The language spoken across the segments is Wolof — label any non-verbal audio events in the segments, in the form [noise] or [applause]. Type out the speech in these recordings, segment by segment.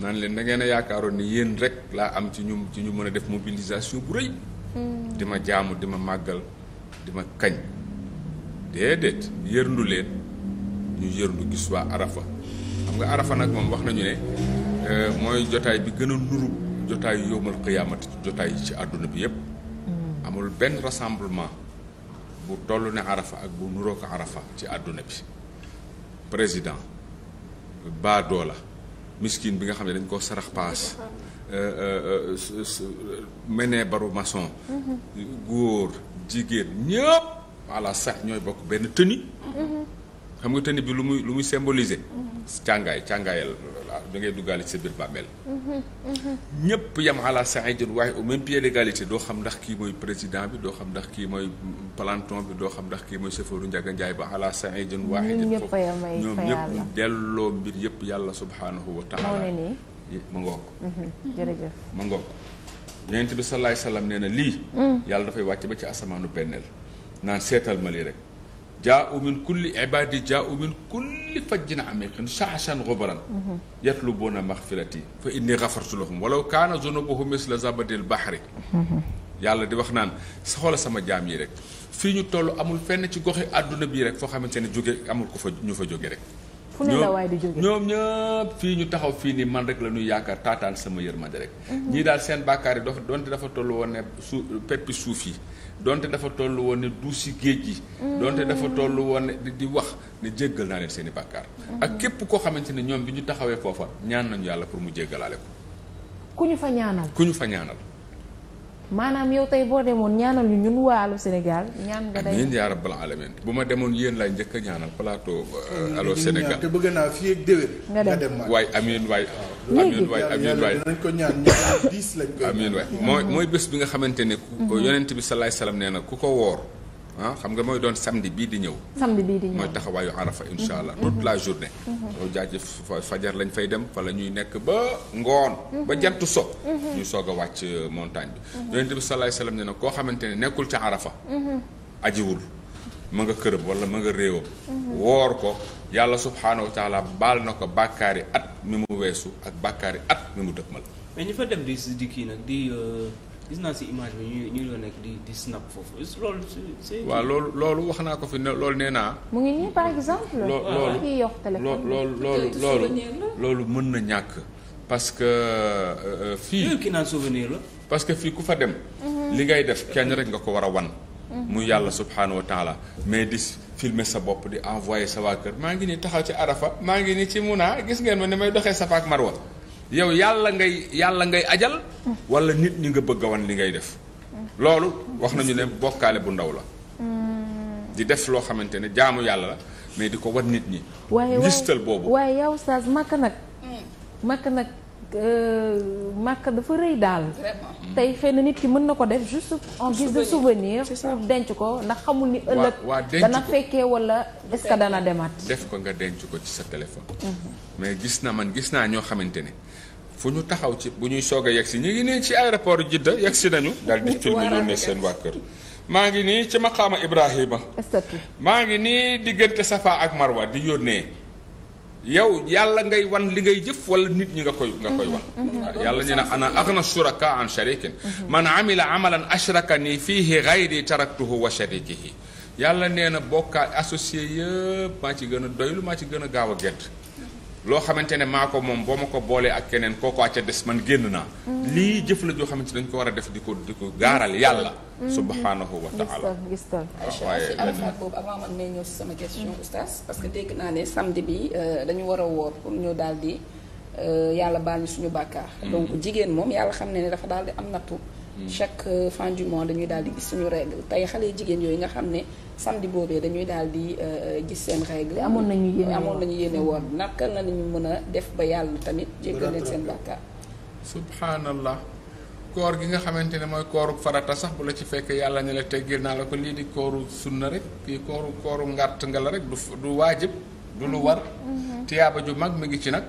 naan leen da ngeen a yaakaaroon ni yéen rek laa am ci ñu ci ñu mën a def mobilisation bu rëy. Hmm. di ma jaamu di ma màggal di ma kañ. déedéet yërndu leen ñu yërndu gis waa Arafa xam nga Arafa nag moom wax nañu ne euh, mooy jotaay bi gën a nuru jotaay yowmal qiyaamati jotaay yi ci àdduna bi yépp hmm. amul benn rassemblement bu toll ne Arafa ak bu nuroo ko Arafa ci àdduna bi président baadoola miskin bi nga xam ne dañ koo sarax paas euh, euh, euh, menee baru maçon mm-hmm. góor jigéen ñëpp voilà sax ñooy bokk benn tenue mm-hmm. xam nga tenue bi lu muy lu muy symboliser. càngaay càngaayal da ngay duggaale ci sa biir bàmmeel. ñëpp yam ala saidin waaye au même pied d'égalité doo xam ndax kii mooy président bi doo xam ndax kii mooy planton bi doo xam ndax kii mooy chauffeuru Ndiaga Ndiaye ba ala saidin waahidin foofu ñoom ñëpp delloo mbir yëpp yàlla subhaanahu wa taala ma ngoog mhm, jërëjëf ma ngoog yonent bi salaay salaam nee na lii mm. yàlla dafay wàcc ba ci asamaanu benneel naan seetal ma lii rek jaa'u min kulli ibaadi jaa'u min kulli fajjin amiqin sha'shan ghubaran yatlubuuna maghfirati fa inni ghafartu lahum walaw kaana zunubuhum misla zabadil bahri yàlla di wax naan xoolal sama jaam yi rek fii ñu toll amul fenn ci goxi àdduna bii rek foo xamante ne jóge amul ko fa ñu fa jóge rek fu ne ñoom ñëpp fii ñu taxaw fii nii man rek la ñuy yaakaar taataan sama yërmande rek ñii daal seen bàkkaar yi donte dafa toll woon ne su peppi suuf yi donte dafa toll woon ne du si géej gi. Mm. doonte dafa toll woon ne di wax ne jéggal naa leen seen i bàkkaar. Mm-hmm. ak képp koo xamante ne ñoom bi ñu taxawee foofa ñaan nañu yàlla pour mu jéggalaale ko. ku ñu fa ñaanal ku ñu fa ñaanal. maanaam yow tey boo demoon ñaanal yu ñun waalu Sénégal ñaan nga day bu ma demoon yéen laay njëkk a ñaanal plateau euh, allo Sénégal te bëgg naa fii ak déwén nga dem waay amiin waay ah, waay amiin waay dinañ ko ñaan ñaan 10 lañ ko amiin waay mooy mooy bés bi nga xamante ni ku mhm. yonent bi salaay salaam nee na ku ko woor ah xam nga mooy doon samedi bii di ñëw. samedi bii di ñëw mooy taxawaayu arafa incha allah mm-hmm. la journée. loolu mm-hmm. jaajëf fajar lañ fay dem fa la ñuy nekk ba ngoon. ba mm-hmm. jant so. ñu soog a wàcc euh, montagne bi. yonent bi sa salaam na koo xamante ne nekkul ca arafa. ajiwul ma nga këram wala ma nga réewam. woor ko yàlla subhaanahu wa taala baal na ko bàkkaari at mi mu weesu ak bàkkaari at mi mu dëkkmal. mais ñi fa dem di di kii nag di. Euh, gis naa si image bi ñu ñu doon nekk di di snap foofu loolu c'est. waaw loolu loolu wax naa ko fi ne loolu nee naa. mu ngi nii par exemple. loo loolu loolu loolu loolu mën na ñàkk. parce que euh, euh, fii. ki naan souvenir la. parce que fii ku fa dem. li ngay def kenn rek nga ko war a wan. mu yàlla subhaanahu wa taala mais di filmer sa bopp di envoyer sa waa kër maa ngi nii taxaw ci Arafa maa ngi nii ci a gis ngeen ma ni may doxee Safa mar wa yow yàlla ngay yàlla ngay ajal wala nit ñi nga bëgg a wan li ngay def loolu wax nañu ne bokkaale bu ndaw la di def loo xamante ne jaamu yàlla la mais di ko wan nit ñi ngistal boobu waaye yow Oustaz Makka nag Makka nag Euh, màkk dafa rëy daal. Hmm. tey xëy na nit ki mën na ko def juste en guise de souvenir. pour denc ko ndax xamul ni ëllëg. dana fekkee wala est ce que dana demaat. def ko nga denc ko ci sa téléphone. Hmm. mais gis na man gis naa ñoo xamante ne fu ñu taxaw ci bu ñuy soog a yegg si ñu ngi nii ci aéroport Jidda yegg si nañu. daal di film yónnee seen waa maa ngi nii ci maqaama Ibrahima. maa ngi nii diggante Safa ak Marwa di yónnee. yow yàlla ngay wan li ngay jëf wala nit ñi nga koy nga koy wan mm-hmm. Mm-hmm. yàlla ñu na ana aghna shuraka an sharikin mm-hmm. man amila amalan ashraka ni fiihi ghayri taraktuhu wa sharikihi yàlla nee na bokkaal associé yëpp maa ci gën a doylu maa ci gën a gaaw a gedd loo xamante ne maa ko moom boo ma ko boolee ak keneen kooku àcca des man génn naa lii jëf la joo xamante dañ ko war a def di ko di gaaral yàlla subhanahu wa taala gis tal gis tal si alpha boobu avant man may ñëw sama question oustaz parce que dégg naa ne samedi bi euh, dañu war a woor pour ñu daal di euh, yàlla baal ñu suñu bàkkaar mm-hmm. donc jigéen moom yàlla xam ne ne dafa daal di am nattu Hmm. chaque euh, fin du mois dañuy daal di gis suñu règle tey xale jigéen yooyu nga xam ne samedi boobee dañuy daal di euh, euh, gis seen règle amoon nañu yéene amoon nañu yéene woon naka la ñu mën a def ba yàlla tamit jéggal leen seen bàkkaar subhanallah koor gi nga xamante ne mooy kooru farata sax bu la ci fekk yàlla ne la teggil naa la ko lii di kooru sunna rek kii kooru kooru ngàtt nga la rek du du waajib du lu mhm. war mhm. tiyaaba ju mag mi ngi ci nag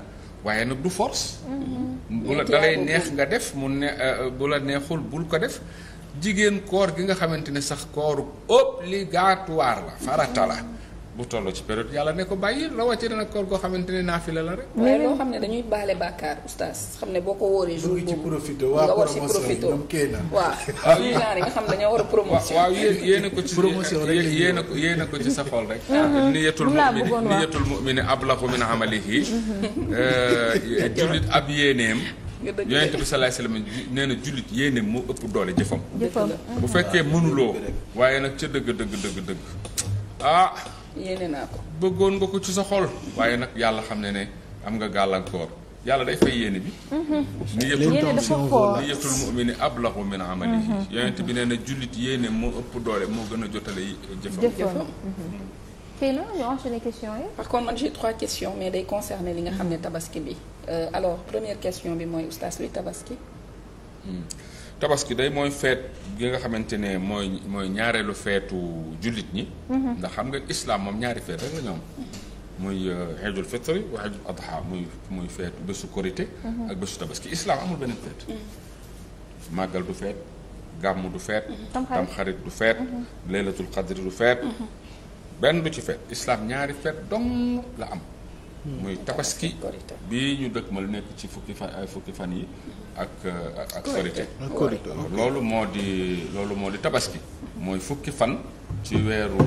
waaye nag du force mhm. bu la dalay neex nga def mu ne euh, euh, bu la neexul bul ko def jigéen koor gi nga xamante ne sax kooru obligatoire la farata la bu tolloo ci période yàlla ne ko bàyyi rawatina nag koor goo xamante ne naafila la rek. waaye loo xam ne dañuy baale bàkkaar oustaz xam ne boo ko wóoree. jour boobu ci profité waa promotion yi ñoom kee na. waaw ah. ñuy genre yi nga xam ne dañoo war a promotion. waaw yéen yéen a ko ci promotion rek yéen a ko yéen a ko ci sa xol rek. [laughs] Uh-huh. Ah, niyatul mu'mini niyatul mu'mini ablagu min amalihi. [laughs] Uh, jullit ab yéeneem. yonent bi salaay salaam nee na jullit yéene moo ëpp doole jëfam bu fekkee ah. mënuloo waaye nag ca dëgg dëgg dëgg dëgg ah yéene naa ko. bëggoon nga ko ci sa xol. waaye nag yàlla xam ne ne am nga gàllankoor yàlla day fay yéene bi. Mhm. yéene dafa xool niyyatul mu'mini ablahu min amalihi. Mhm. yonent bi nee na jullit yéene moo ëpp doole moo gën a jotale euh, jëfam. jëfam xëy mhm. na ñu enchaîner question yi. par contre man j'ai trois questions mais day concerner li nga xam ne tabaski bi euh, alors première question bi mooy oustaz luy tabaski. Hmm. tabaski day mooy feet gi nga xamante ne mooy mooy ñaareelu feetu jullit ñi. Mhm. ndax xam nga islaam moom ñaari feet rek la ñu am muy xeejul euh, fitri wa xeejul adha muy muy bésu korité mhm. ak bésu tabaski islaam amul beneen feet. Mhm. màggal du feet gàmm du feet. tamxarit du feet. laylatul qadri du feet. benn du ci feet islaam ñaari feet dong la am. muy tabaski bi ñu dëkk ma lu nekk ci fukki fan ay fukki fan yi ak ak korité ah, loolu moo di loolu moo di tabaski mooy fukki fan ci weeru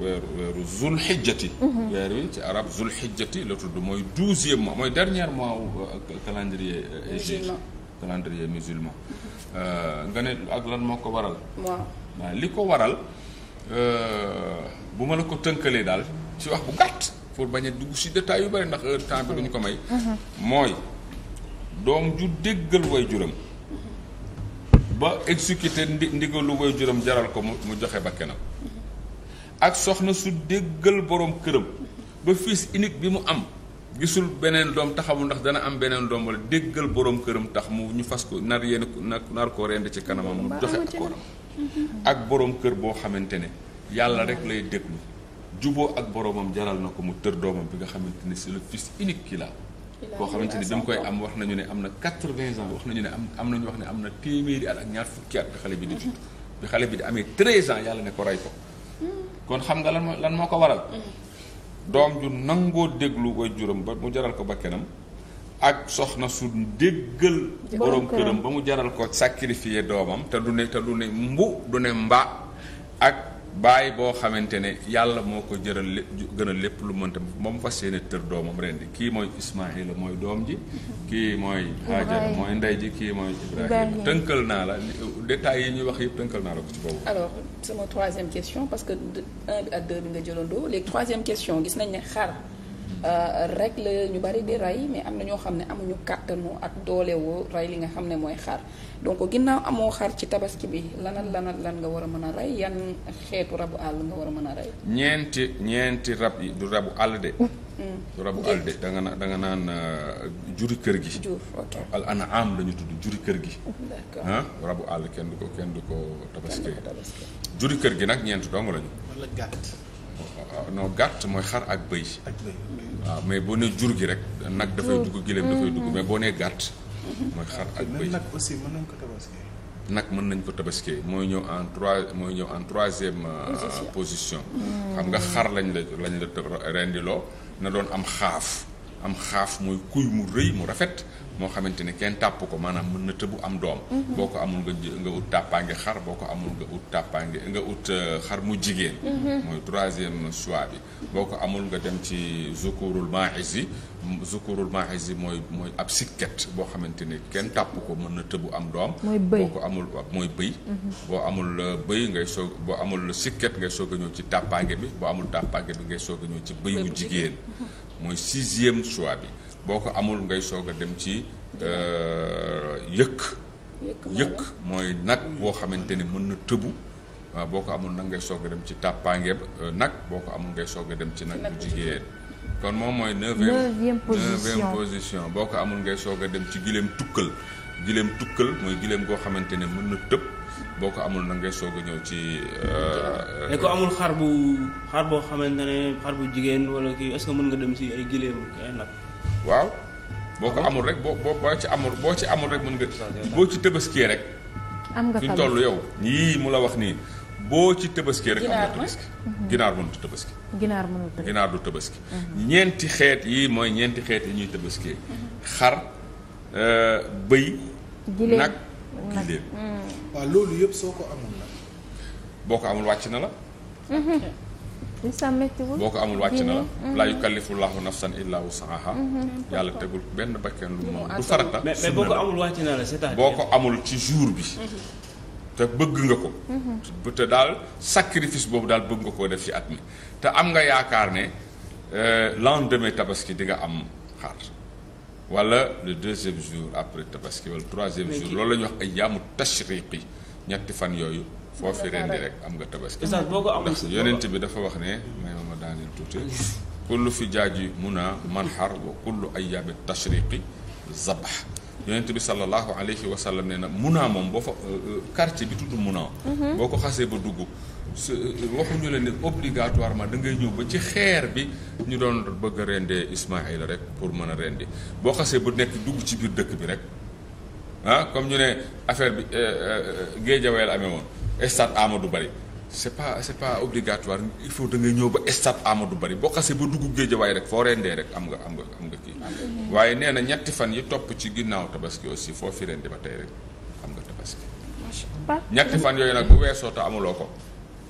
weeru weeru zul xijjati mhm. weer wi ci arab zul xijjati la tudd mooy douzième mois mooy dernier mois wu calendrier euh, égyptien calendrier musulman euh, nga ne ak lan moo ko waral waaw li ko waral euh, bu ma la ko tënkalee daal ci wax bu gàtt pour bañ a dugg si détail yu bëri ndax heure temps bi duñu ko may mooy doom ju déggal way juram ba exécuté ndi ndigalu way juróom jaral ko mu joxe ba bakkanam ak soxna su déggal boroom këram ba fils unique bi mu am gisul beneen doom taxawul ndax dana am beneen doom wala déggal borom këram tax mu ñu fas ko nar yéen nar koo rend ci kanamam mu joxe ak borom kër boo xamante ne yàlla rek lay déglu juboo ak boroomam jaral na ko mu tër doomam bi nga xamante ni si le fils unique qu'il koo xamante ni bi mu koy am wax nañu ne am na quatre-vingts ans wax nañu ne am am nañu wax ne am na téeméeri at ak ñaar fukki at xale bi di judd bi xale bi di amee treize ans yàlla ne ko rey ko kon xam nga lan lan moo ko waral doom ju nangoo déglu way juróom ba mu jaral ko bakkanam ak soxna su déggal borom këram ba mu jaral ko sacrifier doomam te du ne te du ne mbu du ne mba ak bàyyi boo xamante ne yàlla moo ko jëral lépp gën a lépp lu mënta moom fas yéene tër doomam ren kii mooy Ismaïla mooy doom ji kii mooy Haajara mooy ndey ji kii mooy Ibrahima tënkal naa la détails yi ñuy wax yëpp tënkal naa la ko ci boobu alors sama troisième question parce que un bi ak deux bi nga jëlandoo léegi troisième question gis nañ ne xar Euh, rek la ñu bari di rey mais am na ñoo xam ne amuñu kàttanu ak doolewu rey li nga xam ne mooy xar donc ginnaaw amoo xar ci tabaski bi lanal lanal lan nga war a mën a rey yan xeetu rabu àll nga war a mën a rey. ñeenti ñeenti rab yi du rabu àll de. Mm. du rabu àll de da nga naan da euh, nga juri kër gi. jur ok al anaam la ñu tudd juri kër gi. d'accord rabu àll kenn du ko kenn du ko tabaski. juri kër gi nag ñeent dong lañu. wala non gàtt mooy xar ak bëy waaw mais boo ne jur gi rek nag dafay dugg gileem dafay dugg mm-hmm. mais boo nee gàtt mooy xar ak bëy nag aussi mën nañ ko tabaskee nag mën nañ ko tabaskee mooy ñëw en trois mooy ñëw en troisième euh, position mm. xam nga xar lañ la lañ la rendiloo na doon am xaaf am xaaf mooy kuy mu rëy mu rafet moo xamante ni kenn tàpp ko maanaam mën na tëbu am doom mhm. boo ko amul nga nga ut tàppaange xar ko amul nga ut tàppaange nga ut euh, xar mu jigéen mhm. mooy troisième choix bi boo ko amul nga dem ci zukurul maahis yi zukurul maahis yi mooy mooy ab sikket boo xamante ne kenn tàpp ko mën na tëbu am doom ko amul mooy bëy boo amul mhm. euh, bëy ngay soog boo amul sikket ngay soog a ñëw ci tàppaange bi boo amul tàppaange bi ngay soog a ñëw ci bëy bu jigéen mooy sixième choix bi boo ko amul ngay soog a dem ci euh, yëkk yëkk mooy nag boo xamante ni mën na tëbu waaw boo ko amul nag ngay soog dem ci tàppaange euh, nag boo ko amul ngay soog a dem ci nag bu kon moom mooy neuvième neuvième boo ko amul ngay soog a dem ci gileem tukkal gileem tukkal mooy gileem goo xamante ne mën na tëb boo ko amul na ngay soog a ñëw ci. ne euh, ko amul xar bu xar boo xamante ne xar bu jigéen wala kii est-ce mën nga dem ci ay gileem ay nag. waaw boo ko amul rek boo boo ci amul boo ci amul rek mën nga boo ci tëbaskee rek am nga fi toll yow yii mu la wax nii boo ci tëbaski rek am nga tëbaski ginaar mënut tëbaski ginaar du tëbaski ñeenti xeet yi mooy ñeenti xeet yi ñuy tëbaskee xar euh, bëy nag giléem mm. waaw loolu yëpp soo ko amul la boo ko amul wàcc na la mm-hmm. boo ko amul wàcc na la mm-hmm. laa yukallifu laahu nafsan illaa wusaha mm-hmm. mm-hmm. yàlla tegul benn bakken lu moom du farata mais boo ko na la boo ko amul ci jour bi te bëgg nga ko te daal sacrifice boobu daal bëgg nga koo def ci at mi te am nga yaakaar ne euh, lendemain tabaski di nga am xar wala le deuxième jour après tabaski wala troisième jour loolu la ñuy wax ay yaamu tashriqi ñetti fan yooyu foo fi rendi rek am nga tabaski. écharge boo ko ndax yonent bi dafa wax ne. may ma ma daaneel tuuti. kullu fi jaaji muna manxar wa kullu ayaabi tashriqi zabax. yonent bi sallallahu alayhi wa sallam nee na muna moom boo fa euh, euh, quartier bi tudd muna. Mhm. boo ko xasee ba dugg. su euh, waxuñu la ne obligatoirement ma ngay ñëw ba ci xeer bi ñu doon bëgg a rendee Ismaïla rek pour mën a rendi boo xasee bu nekk dugg ci biir dëkk bi rek ah comme ñu ne affaire bi géejaweel amee stade du Barry c'est pas c'est pas obligatoire il faut da ngay ñëw ba stade Amadou Barry boo xasee ba dugg Géejawaay rek foo rendee rek am nga am nga am nga kii waaye nee na ñetti fan yi topp ci ginnaaw tabaski aussi foo fi rendi ba tey rek am nga tabaski ñetti fan yooyu nag bu soo te amuloo ko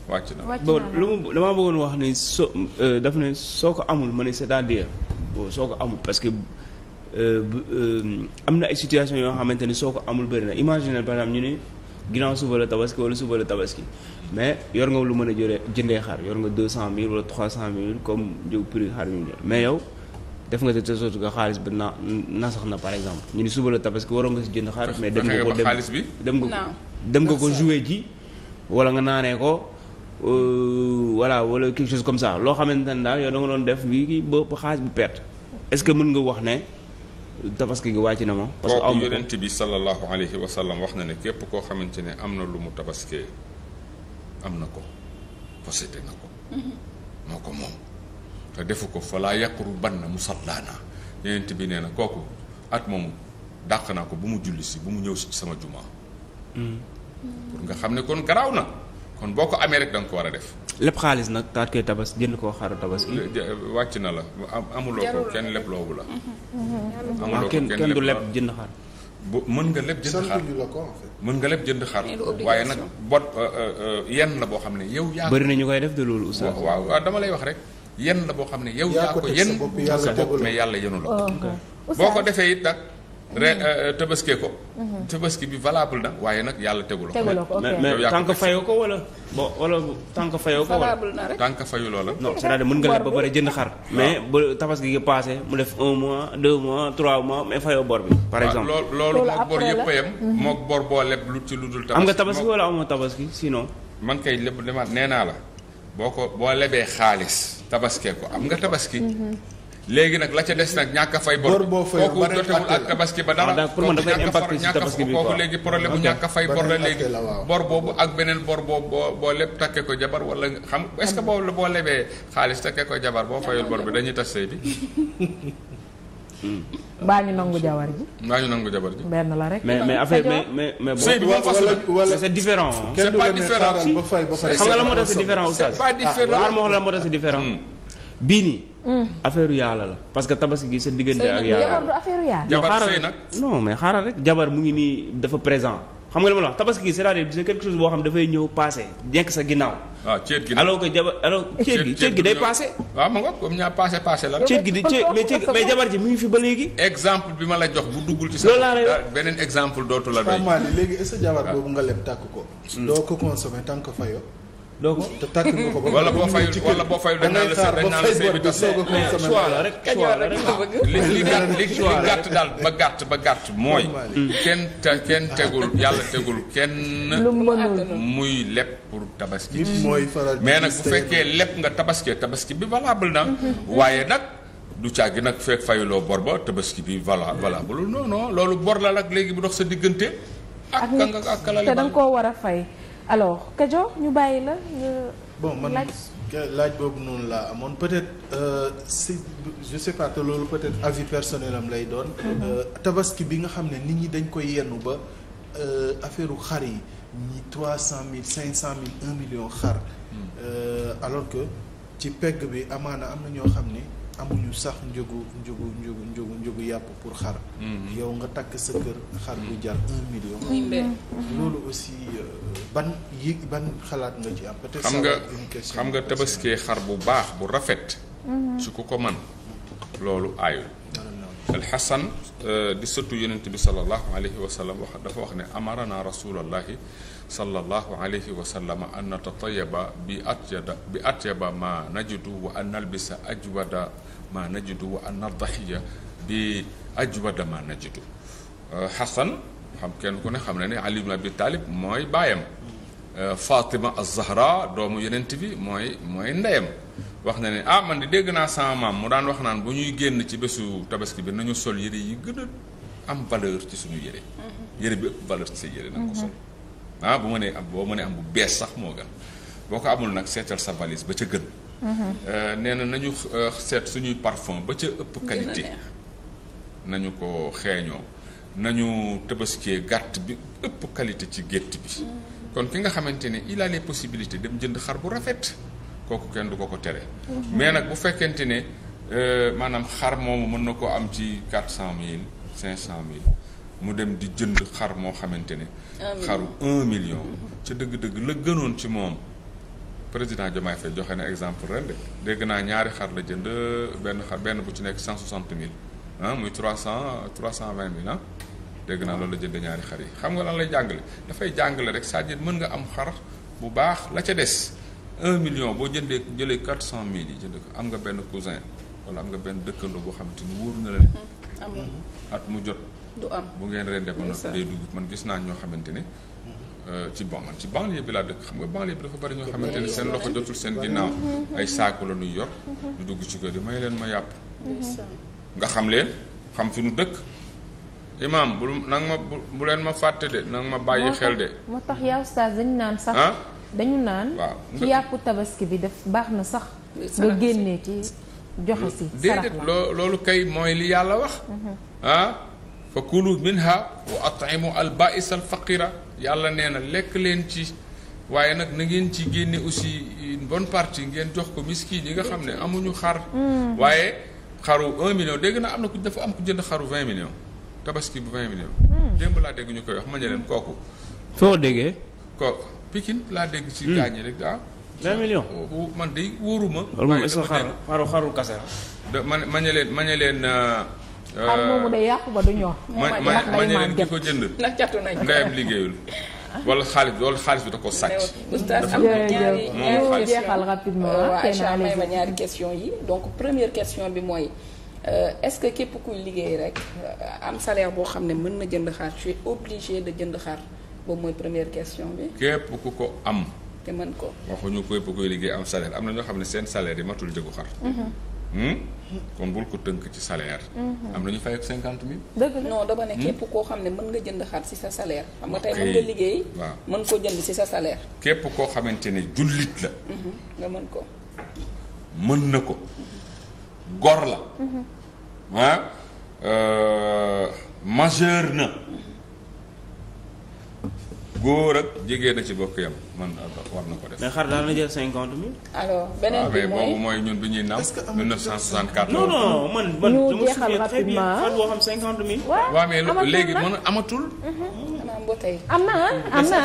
wàcc na bon lu mu damaa bëggoon wax ni so euh, daf ne soo ko amul ma ne c'est-à-dire bon soo ko amul parce que euh, euh, am na ay situation yoo xamante ni soo ko amul bëri na imaginer par exemple ñu ne ginnaaw suba la tabaski wala suba la tabaski mais yor nga lu mën a jëlee jëndee xar yor nga deux cent mille wala trois cent mille comme njëgu prix xar ñu jël mais yow nga de telle sorte que xaalis bi na nasax na par exemple ñu ni suba la tabaski waroon nga si jënd xar mais dem nga ko dem nga ko dem nga ko ji wala nga naanee ko euh, voilà wala quelque chose comme ça loo xamante ne daal yow da doon def bii ba xaalis bu perte est-ce que mën nga wax ne tabaski gi wàcc na ma. parce que aw yonent bi sallallahu alayhi wa wax na ne képp koo xamante ne am na lu mu tabaskee am na ko possédé na ko. Mm-hmm. moo ko moom te defu ko fa laa yàquru ban na mu sallaanaa yonent bi nee na kooku at moom dàq naa ko bu mu julli si bu mu ñëw si sama jumaa mm. Mm. pour nga xam ne kon garaaw na kon boo ko amee rek da nga ko war a def. lépp xaalis nag taat koy tabas jënd koo xaru tabaski. wàcc na la amuloo ko kenn lépp loobu la. Mhm. amuloo ko kenn kenn du lépp jënd xar. bu mën nga lépp jënd xar mën nga lépp jënd xar waaye nag bot euh, euh, euh, yenn la boo xam ne yow. yaa bëri na ñu koy def de loolu oustaz. dama lay wax rek yenn la boo xam ne yow. yaa ko yenn sa bopp mais yàlla yenu la ko. Oh, boo ko defee it nag. Euh, euh, tabaskee ko. tabaski bi valable na waaye nag yàlla tegul teguloo ko mais mais tànk que fayoo ko wala. boo wala tant que fayoo ko wala. tant que fayu loola. non c'est-à-dire mën nga leb ba pare jënd xar. mais ba tabaski gi paase mu def un mois deux mois trois mois mais fayoo bor bi. par exemple loolu moog boor yëpp a yem. Mhm. moog bor boo leb lu ci lu dul. tabaski am nga tabaski wala amoo tabaski sinon. man kay lépp demaat nee naa la boo ko boo xaalis tabaskee ko am nga tabaski. Mhm. léegi nag la ca des nag ñàkk a fay bor. bor boo fayoo ba ak tabaski ba dara. Ah, pour man dafay impacté ci tabaski bi kooku léegi problème bu ah, ñàkk a fay bor la léegi. bor boobu ak beneen bor boobu boo boo lépp takkee ko jabar wala xam est-ce que boo boo lebee xaalis takkee ko jabar boo fayul bor bi dañuy tas sëy bi. [laughs] baa ñu nangu jabar ji. baa ñu nangu jabar ji. benn la rek. mais mais affaire mais mais mais. sëy bi wala c'est différent. c'est pas différent. xam nga la moo tax c'est différent oustaz. c'est pas différent. moo la moo tax c'est différent hmm. bii nii Mm. affaire yàlla la parce que tabaski gi sa diggante ak yàlla la non mais xaaral rek jabar mu ngi nii dafa présent xam nga li ma la wax tabaski gi c'est-à-dire c'est quelque dafay ñëw passé nekk sa ginnaaw waaw ah, ceet gi alors que jabar alors ceet gi ceet gi day ah, nga comme ñaa passé passé la gi di ceet mais ceet jabar ji mu ngi fi ba léegi exemple bi ma la jox bu duggul ci sa beneen exemple dootu la doy léegi est-ce que jabar ah. boobu nga leb tàkk ko hmm. doo ko consommer tant que doo ko te tàkk nga ko ba. wala boo fayul wala boo fayul dañ naan la dañ naan la sëy bi tas li li gàtt daal ba gàtt ba gàtt mooy. kenn te kenn tegul yàlla tegul kenn. muy leb pour tabaski. mais nag bu fekkee leb nga tabaski tabaski bi valable na. waaye nag. du caagi nag fekk fayuloo bor ba tabaski bi voilà voilà non non loolu bor la nag léegi bu dox sa diggante. ak ak ak la te da nga koo war a fay. alors Kajoor ñu bàyyi la nga. bon man laaj boobu noonu laa amoon peut-être euh, si je sais pas loolu peut-être avis personnel am lay doon. Mhm. Euh, tabaski bi nga xam ne nit ñi dañ koy yennu ba euh, affaire u xar yi ñi trois cent mille cinq cent mille un million xar. Mhm. Euh, alors que ci pegg bi amaana am na ñoo xam ne. amuñu sax njëgu njëgu njëgu njëgu njëgu yàpp pour xar mhm. yow nga takk sa kër xar mhm. Mhm. loolu aussi euh, ban xalaat nga ci am peut-être xam nga xam tabaskee xar bu baax bu rafet su ko ko man loolu aayul alxasan euh, di sëtu yonent bi salallahu alayhi wa sallam wax dafa wax ne amarana rasulallahi salallahu alayhi wa sallama an natatayaba bi atyaba bi atyaba ma najidu wa an nalbisa ajwada ma najidu wa anna daxiya bi ajwada ma najidu Xasan euh, xam kenn ku ne xam na ne Ali ibn Abi Talib mooy baayam euh, Fatima az-Zahra doomu yonent bi mooy mooy ndeyam wax na ne ah man di dégg naa sama maam mu daan wax naan bu ñuy génn ci bésu tabaski bi nañu sol yére yi gën a am valeur ci suñu yére yére bi ëpp valeur ci sa yére nag ko sol ah bu ma nee am boo ma nee am bu bees sax moo gën boo ko amul nag seetal sa valise ba ca gën Euh, nee na nañu euh, seet suñuy parfum ba ca ëpp qualité nañu ko xeeñoo nañu tabaskee gàtt bi ëpp qualité ci gétt bi kon ki nga xamante ni il possibilité dem jënd xar bu rafet kooku kenn du ko ko tere mhm. mais nag bu fekkente ne euh, maanaam xar moomu mën na ko am ci quatre cent mille cinq cent mille mu dem di jënd xar moo xamante ne xaru un million ca dëgg-dëgg la gënoon ci moom président Diomaye Faye joxe na exemple ren de dégg naa ñaari xar la jënd benn xar benn bu ci nekk cent soixante mille ah muy trois cent trois cent vingt mille ah dégg naa loolu la jënd ñaari xar yi xam nga lan lay jàngale dafay jàngale rek sa à dire mën nga am xar bu baax la ca des un million boo jëndee jëlee quatre cent mille yi jënd ko am nga benn cousin wala am nga benn dëkkandoo boo xam te ni wóor na la ne. at mu jot. du am bu ngeen rendee ba day dugg man gis naa ñoo xamante ni. Euh, ci bon ci banlieue bi laa dëkk xam nga dafa bari ñoo xamante ne seen loxo jotul seen ginnaaw ay saako la ñuy yor du dugg ci kër yi may leen ma yàpp nga xam leen xam fi ñu dëkk imaam bu nag ma bu leen ma fàtte de nag ma bàyyi xel de moo tax yaa oustaz dañu naan sax dañu naan waaw ci yàppu tabaski bi daf baax na sax nga génnee ci joxe si déedéet loolu kay mooy li yàlla wax ah fa kulu minha wa at'imu al ba'is yàlla nee na lekk leen ci waaye nag na ngeen ci génne aussi une bonne partie ngeen jox ko miskin yi nga xam ne amuñu xar hmm. waaye xaru un million dégg naa am na ku dafa am ku jënd xaru vingt millions tabaski bu vingt millions hmm. démb laa dégg ñu koy wax ma leen kooku foo déggee kooku Pikine laa dégg ci hmm. gaañi rek ah vingt millions oh, oh, man de wóoruma xaru xaru kase ma ma ne leen ma leen euh, Euh, xar moomu day yàqu ba du ñor. ma ma ma ne leen ki ko jënd. [laughs] ndax catu nañ ndeyam liggéeyul. wala xaalis loolu xaalis bi da ko sàcc. dafa am jeexal rapidement euh, Aïcha may ñaari question yi donc première question bi mooy euh, est-ce que képp kuy liggéey rek am salaire boo xam ne mën na jënd xar tu es obligé de jënd xar boobu mooy première question bi. képp ku ko am. te mën ko. waxuñu képp kuy liggéey am salaire am na ñoo xam ne seen salaire yi matul jëgu xar. Mhm. Hmm? kon bul ko tënk ci salaire. Mhm. am na ñu fay ak cinquante mille. dëgg la non ne hmm? képp koo xam ne mën nga jënd xar ci sa salaire. xam nga tey mën nga liggéey. waaw man koo jënd ci sa salaire. képp koo xamante ne jullit la. Mhm. nga mën ko. mën na ko. gor la. Mhm. ah euh, majeur na. góor ak jigéen a ci bokk yam man war na ko def. mais xar daan na jël cinquante mille. alors beneen bi ah, mooy mooy ñun bu ñuy naaw. est ce que am na 1964. non man man dama suñu très bien xar boo xam cinquante mille. waaw mais léegi mën amatul. Mhm. am na am na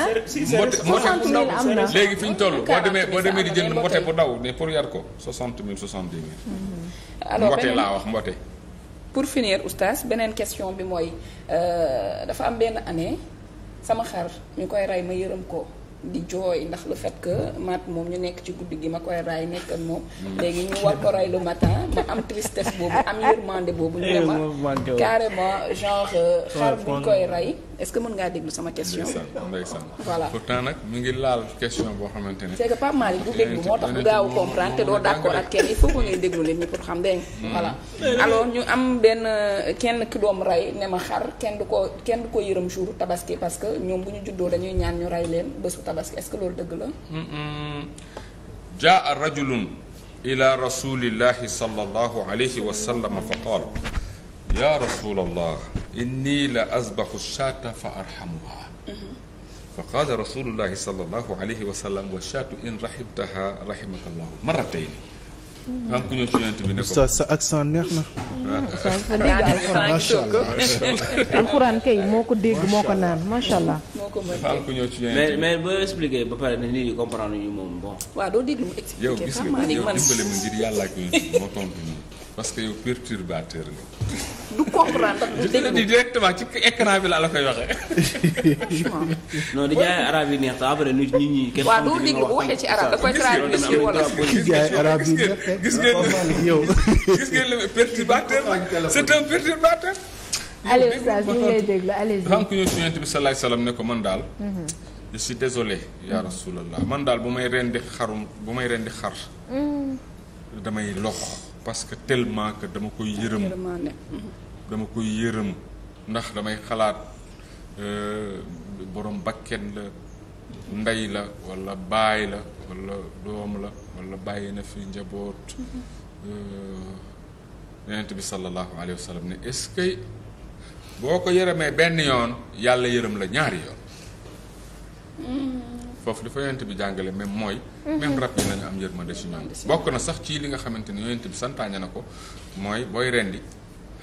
ah. léegi fi ñu toll woo demee boo demee di jënd mbote bu daw mais pour yar ko soixante mille soixante dix mille. Mhm. mbote laa wax mbote. pour finir oustaz beneen question bi mooy euh, dafa am benn année. sama xar ñu koy rey ma yërëm ko di jooy ndax le fait que maat moom ñu nekk ci guddi gi ma koy raay nekk ak moom. Mm. léegi ñu war ko raay le matin ma am tristesse boobu am yërmande boobu. ñu ne ma [laughs] carrément genre euh, xar buñ ce que mën ngaa déglu sama question. ndeysaan voilà mu ngi laal question boo xamante ne. c'est moo tax du gaaw a comprendre te doo d'accord ak kenn xam dégg mm. voilà ñu am benn euh, kenn ki doom ray ne ma xar kenn du ko kenn du ko yërëm jour tabaski parce que ñoom bu ñu juddoo dañuy ñaan ñu ray leen bésu tabaski est-ce que loolu dëgg la jaa rajulun ila rasulillahi sallallahu alayhi wa sallam fa qaal ya rasulallah inni la asbaxu shaata fa arxamuha fa qaala rasulullahi sallallahu alayhi wa sallam wa shaatu in rahimtaha rahimaka llahu marratayni am ku ñëw ci yonent bi ne ko. sa accent neex na. macha allah alxuraan kay moo ko dégg moo ko naan macha allah. am ko ñëw ci yonent mais mais boo expliqué ba pare nit ñi comprendre ñu moom bon. waaw doo dégg mu expliqué. yow gis nga yow dimbali mu ngir yàlla ak yonent bi moo tontu ñu. parce que yow perturbateur nga. du comprendre du déglu di directement ci écran bi laa la koy waxee. non di jaay arabe yi neex te après nit ñi kenn. waaw doo déglu bu waxee ci arabe da koy traduire ci wolof. gis ngeen gis ngeen gis ngeen gis ngeen perturbateur c'est un perturbateur. Aliou Oustaz ñu ngi lay déglu allez-y. xam nga ñëw ci Yonent bi salaay salaam ne ko man daal. Mhm. je suis désolé yaa mhm. rasulallah man daal bu may rendi xarum bu may rendi xar. Mhm. damay lox. parce que tellement que dama koy yërëm dama koy yërëm ndax damay xalaat euh, borom bakken la ndey la walla baay la walla doom la walla bàyyi na fi njaboot euh, yonent bi sallallahu alayhi wa sallam ne est boo ko yërëmee benn yoon yàlla yërëm la ñaari yoon hmm. foofu dafa yonent bi jàngale même mooy même rab yi nañu am yërmande ci ñoom bokk na sax ci li nga xamante ni yonent bi santaane na ko mooy booy rendi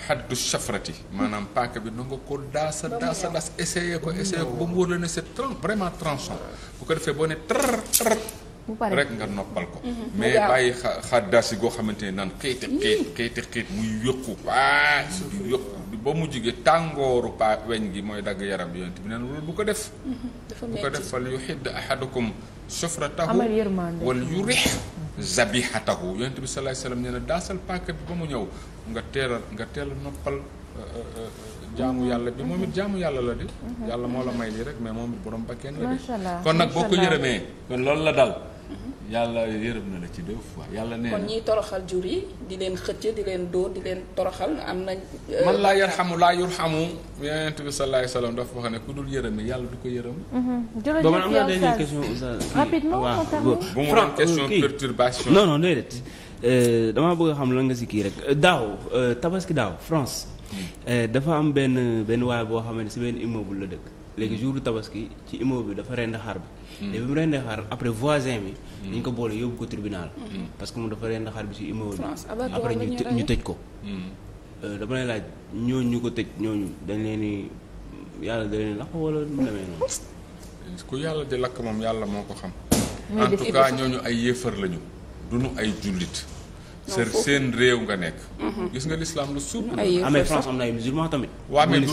xaddu chafrati maanaam paaka bi na nga ko daasa daasa daas essayé ko essayé ko ba mu wóor la ne c'est vraiment tranchant bu ko defee boo ne trar trar rek nga noppal ko mhm. mais bàyyi xa xaddaasi goo xamante ne naan xeeti xeet xeeti xeet muy yëqu waa di yëqu ba mu jigee tàngooru pa weñ gi mooy dagg yaram yooyu bi neen loolu bu ko def mhm. ko def fal yuxidd ahadukum sufratahu wal yurih zabihatahu yonent bi sallallahu alayhi wasallam nee na daasal paaka bi ba mu ñëw nga teelal nga teel a noppal euh, euh, euh, jaamu yàlla bi moom it yàlla la di mhm. yàlla moo la may rek mais moom it borom kon nag boo ko yërëmee loolu la dal yàlla yërëm na la ci deux fois yàlla nee na kon ñiy toroxal jur yi di leen xëcc di leen dóor di leen toroxal am nañ. Euh, man laa yarxamu laa yurxamu yonent bi sallallahu alayhi wa sallam dafa wax ne ku dul yërëm yàlla du ko yërëm. Mhm. jërëjëf yow am na dernière question. rapidement bu mu doon question euh, perturbation. Euh, damaa bëgg a xam lan nga si kii rek daaw tabaski daaw France hmm. dafa am benn benn waay boo xam si benn immeuble la dëkk. léegi jour tabaski ci immeuble bi dafa rend xar bi léegi hmm. bi mu rendee xar après voisin bi hmm. dañ ko boole yóbbu ko tribunal hmm. parce que moom dafa rend xar bi ci immeuble bi après ñu tëj ko euh, dama lay laaj ñooñu ñu ko tëj ñooñu dañ leen ni yàlla da leen lakk wala mu demee noonu ku yàlla di lakk moom yàlla moo ko xam en tout cas ay yéefar lañu duñu ay jullit seen réew nga nekk. Mhm. gis nga l'islam lu suuf. amee France am na ay musulmans tamit. waaw mais du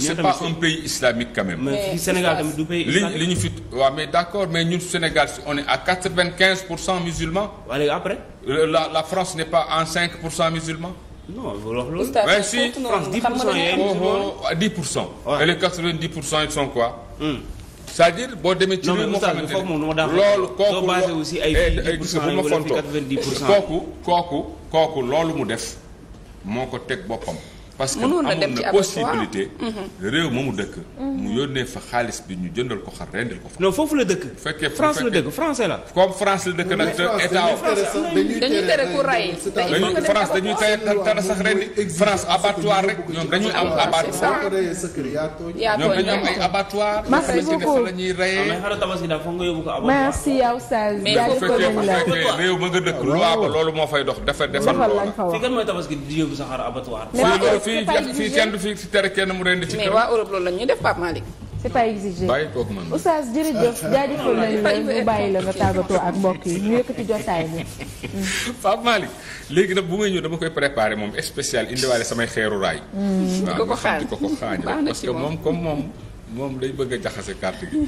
c'est pas un pays islamique quand même. mais Sénégal tamit du pays. li li ñu fi waaw mais d'accord mais ñun Sénégal on est à quatre après. Euh, la France n'est pas en cinq pour cent musulmans. non loolu. si France dix pour cent yooyu. Oh, oh, oh, dix pour dix pour cent ils sont quoi. Hmm. saa à boo demee. ci biir moo xamante ne loolu kooku eh, eh, bu ma fontoo kooku kooku kooku loolu mu def moo ko teg boppam. parce que amoon na possibilité. Mhm. réew moomu dëkk. mu yónnee fa xaalis bi ñu jëndal ko xar rendil ko foofu la dëkk. bu fekkee France la dëkk français la. comme France la dëkk nag te état. dañuy tere ku rey dañuy France dañuy tere sax rendi France abattoir rek ñoom dañuy am abattoir. ñoom dañuy am ay la ñuy reyee. Ah, merci yow Sall. jaajëfal nañ la mais bu loolu moo fay dox. defar defar loola. fii kan fii fii kenn du fi tere kenn mu rendi ci. mais waa Europe loolu lañuy def Pape Malick. c'est pas exigé bàyyi kooku man oustaz jërëjëf jaajëfal nañu la ñu bàyyi la nga tàggatoo ak mbokk yi ñu yëkkati jotaay bi. [laughs] Pape Malick léegi nag bu may ñëw dama koy préparé moom spécial indiwaale samay xeeru raay. Mm. di ko ko ko xaaj parce que moom comme moom moom day bëgg a jaxase carte gi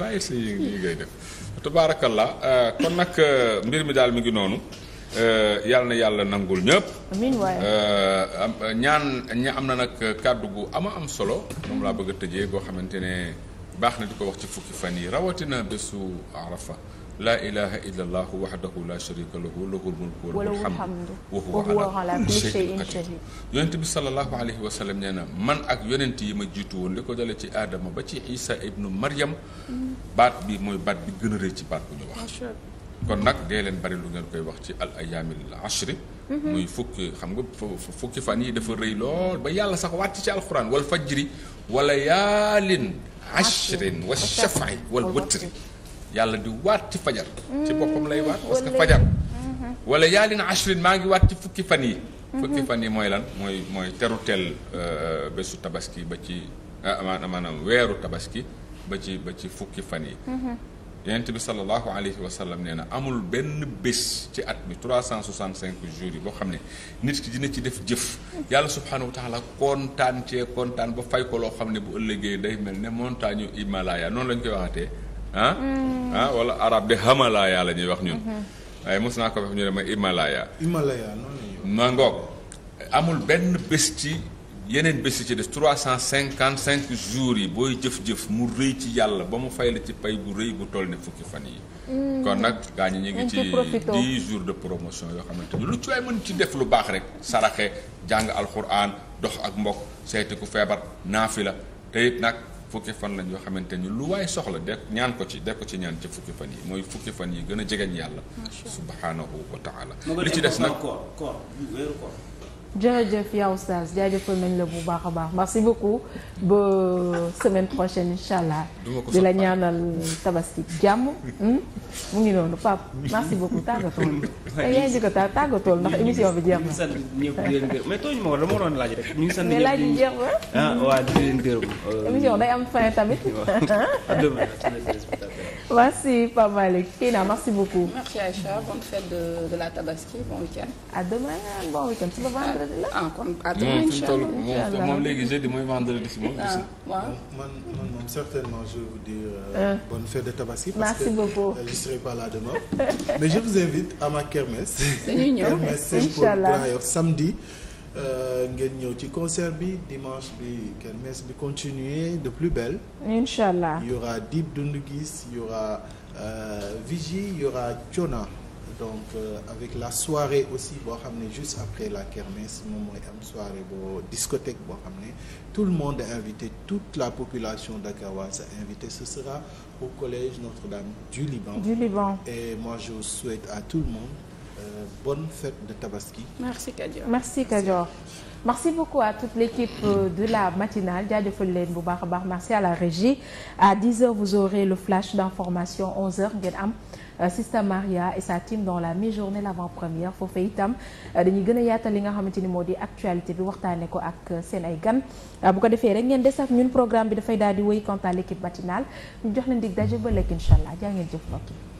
bàyyi si yi ngay def. tabaarakallah euh, kon nag euh, mbir mi daal mi ngi noonu. Euh, yàlla na yàlla nangul ñëpp. amiin euh, ñaan ña am na nag kàddu gu ama am solo. moom laa bëgg a tëjee boo xamante ne baax na di ko wax ci fukki fan yi rawatina bésu arafa. laa ilaha illa allah wahdahu la sharika lahu lahul mulku wa lahul hamdu wa huwa ala kulli shay'in qadir yonent bi sallallahu alayhi wa nee na man ak yonent yi ma jiitu woon li ko dalee ci aadama ba ci isa ibnu maryam mm. baat bi mooy baat bi gën rëy ci baat bu ñu wax kon nag dee leen bari lu ngeen koy wax ci al ayaamil ashri mhm. muy fukki xam nga fukki fan yi dafa rëy lool ba yàlla sax wàcc ci alquran wal fajri wala yaalin ashrin wa shafa'i wal wëtri yàlla di waat ci fajar ci mm. boppam lay waat parce que fajar mm-hmm. wala yaalin ashrin maa ngi waat ci fukki fan yi mm-hmm. fukki fan yi mooy lan mooy mooy teru teel euh, bésu tabaski ba ci ah, maanaam weeru tabaski ba ci ba ci fukki fan yi mm-hmm. yonent bi sallallahu alayhi wa sallam nee na amul benn bés ci at mi 365 jours yi boo xam ne nit ki dina ci def jëf yàlla subhaanahu wa taala kontaan cee kontaan ba fay ko loo xam ne bu ëllëgee day mel ne montagne Himalaya noonu la koy waxatee ah hmm. ah wala arab de Hamalaya la ñuy wax ñun mm-hmm. waaye mos naa ko wax ñu ne ma Himalaya Himalaya noonu la amul benn bés ci yeneen bés yi ci des trois cent cinquante cinq jours yi booy jëf-jëf mu rëy ci yàlla ba mu fay la ci pay bu rëy bu toll ne fukki fan yi mm. kon nag gaa ñi ñu ngi ci dix jours de promotion yoo xamante ni lu ci waay mën ci def lu baax rek saraxe jàng alxuraan dox ak mbokk seeti ku feebar naafi la te it nag fukki fan lañ yoo xamante ni lu waay soxla de ñaan ko ci de ko ci ñaan ci fukki fan yi mooy fukki fan yi gën a jegeñ yàlla subhanahu wa taala li ci des nag koor koor jërëjëf yow Oustaz jaajëfal nañ la bu baax a baax merci beaucoup ba semaine prochaine incha allah. di la ñaanal tabaski jàmm. Hmm? mu ngi noonu Pape merci beaucoup tàggatool. [laughs] waaw eh, a tàggatool ndax émission bi jeex na. ñu ngi sant ñëpp di leen gërëm ma woon dama waroon laaj rek. ñu ngi sant ñëpp mais laaj yi jeex na. ah di leen gërëm. émission day am fin tamit. [laughs] [laughs] merci Pape Malick Kina merci beaucoup. merci Aïcha bonne fête de de la Tabaski bon week-end. à demain bon week-end si le vendredi la. ah kon à mmh, demain incha allah moom léegi jeudi mooy vendredi si moom. ah waaw man man moom certainement je vais vous dire. Euh, euh. bonne fête de Tabaski. parce merci que beaucoup. Euh, je serai pas là demain. mais je vous invite à ma kermesse. dañuy [laughs] ñëw incha allah kermesse c'est pour samedi. Euh, ngeen ñëw ci concert bi dimanche bi kermesse bi continuer de plus belle. incha allah y aura Dip Doundou Guiss y aura euh, Vigie y donc euh, avec la soirée aussi boo xam ne juste après la kermesse moom mooy am soirée boo discothèque bo xam ne tout le monde est invité toute la population dakaroise a invité ce sera au collège Notre-Dame du Liban et moi je souhaite à tout le monde. bonne fête de Tabaski. merci Kadior merci Kadior. merci beaucoup à toute l'équipe euh, de la matinale jaajëfal leen bu baax a baax merci à la régie à 10h vous aurez le flash d'information 11h ngeen am euh, Sista Maria et sa team dans la mi-journée l'avant-première foofee itam euh, dañuy gën a yaatal li nga xamante ni moo di actualité bi waxtaanee ko ak seen ay gan bu ko defee rek ngeen des ak ñun programme bi dafay daal di wéy quant à l'équipe matinale ñu jox leen di daje ba lekk incha allah jaa